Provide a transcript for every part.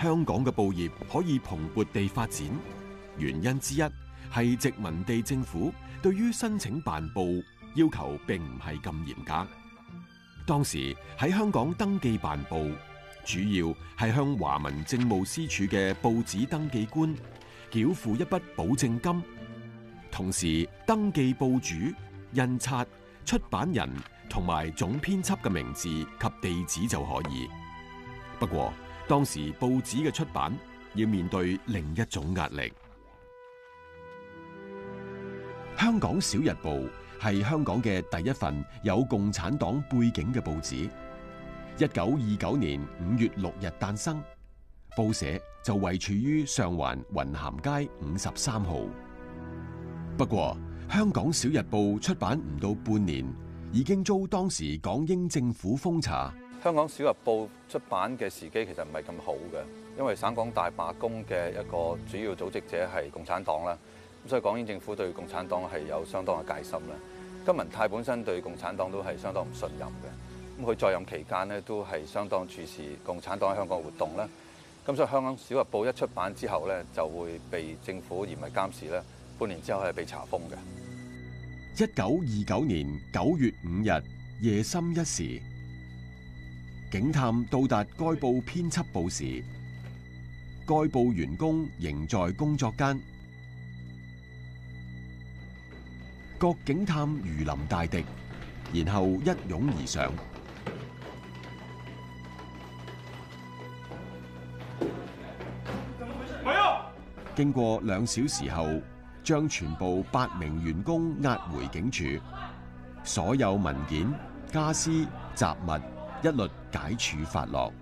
香港嘅報業可以蓬勃地發展，原因之一係殖民地政府對於申請辦報要求並唔係咁嚴格。當時喺香港登記辦報，主要係向華民政務司署嘅報紙登記官繳付一筆保證金，同時登記報主、印刷、出版人同埋總編輯嘅名字及地址就可以。不過，當時報紙嘅出版要面對另一種壓力。香港小日報係香港嘅第一份有共產黨背景嘅報紙，一九二九年五月六日誕生，報社就位處於上環雲咸街五十三號。不過，香港小日報出版唔到半年，已經遭當時港英政府封查。香港《小日報》出版嘅時機其實唔係咁好嘅，因為省港大罷工嘅一個主要組織者係共產黨啦，咁所以港英政府對共產黨係有相當嘅戒心啦。金文泰本身對共產黨都係相當唔信任嘅，咁佢在任期間呢，都係相當注視共產黨喺香港活動咧，咁所以香港《小日報》一出版之後咧就會被政府嚴密監視咧，半年之後係被查封嘅。一九二九年九月五日夜深一時。警探到達該報編輯部時，該報員工仍在工作間。各警探如臨大敵，然後一擁而上。經過兩小時後，將全部八名員工押回警署，所有文件、傢俬、雜物。一律解除發落。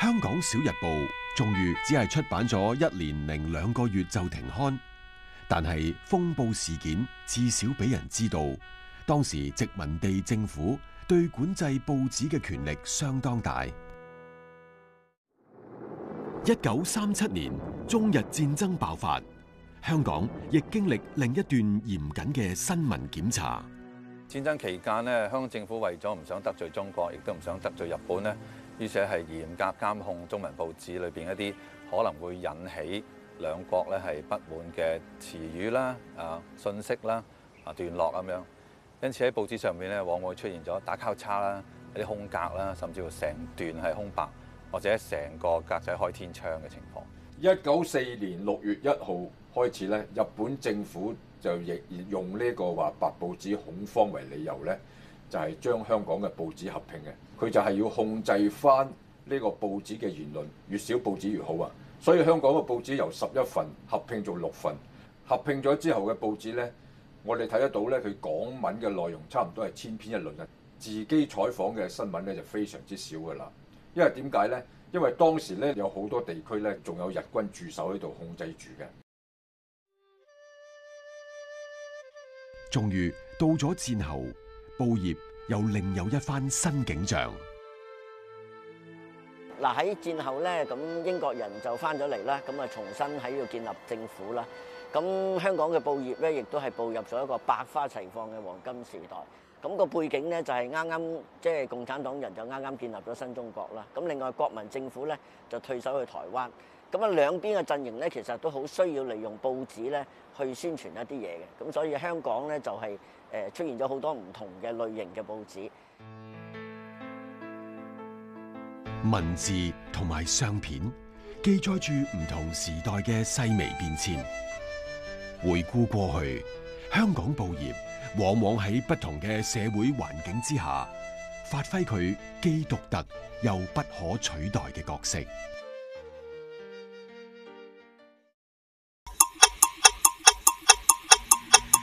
香港小日報終於只係出版咗一年零兩個月就停刊，但係風暴事件至少俾人知道，當時殖民地政府對管制報紙嘅權力相當大。一九三七年中日戰爭爆發，香港亦經歷另一段嚴謹嘅新聞檢查。戰爭期間咧，香港政府為咗唔想得罪中國，亦都唔想得罪日本咧，於是係嚴格監控中文報紙裏邊一啲可能會引起兩國咧係不滿嘅詞語啦、啊信息啦、啊段落咁樣。因此喺報紙上面咧，往往出現咗打交叉啦、一啲空格啦，甚至乎成段係空白，或者成個格仔開天窗嘅情況。一九四四年六月一號開始咧，日本政府。就亦用呢個話白報紙恐慌為理由呢就係將香港嘅報紙合併嘅，佢就係要控制翻呢個報紙嘅言論，越少報紙越好啊！所以香港嘅報紙由十一份合併做六份，合併咗之後嘅報紙呢，我哋睇得到呢佢港文嘅內容差唔多係千篇一律啊，自己採訪嘅新聞呢，就非常之少㗎啦。因為點解呢？因為當時呢，有好多地區呢，仲有日軍駐守喺度控制住嘅。終於到咗戰後，報業又另有一番新景象。嗱，喺戰後咧，咁英國人就翻咗嚟啦，咁啊重新喺度建立政府啦。咁香港嘅報業咧，亦都係步入咗一個百花齊放嘅黃金時代。咁個背景咧，就係啱啱即係共產黨人就啱啱建立咗新中國啦。咁另外國民政府咧就退守去台灣。咁啊，兩邊嘅陣營咧，其實都好需要利用報紙咧去宣傳一啲嘢嘅。咁所以香港咧就係誒出現咗好多唔同嘅類型嘅報紙，文字同埋相片記載住唔同時代嘅細微變遷。回顧過去，香港報業往往喺不同嘅社會環境之下，發揮佢既獨特又不可取代嘅角色。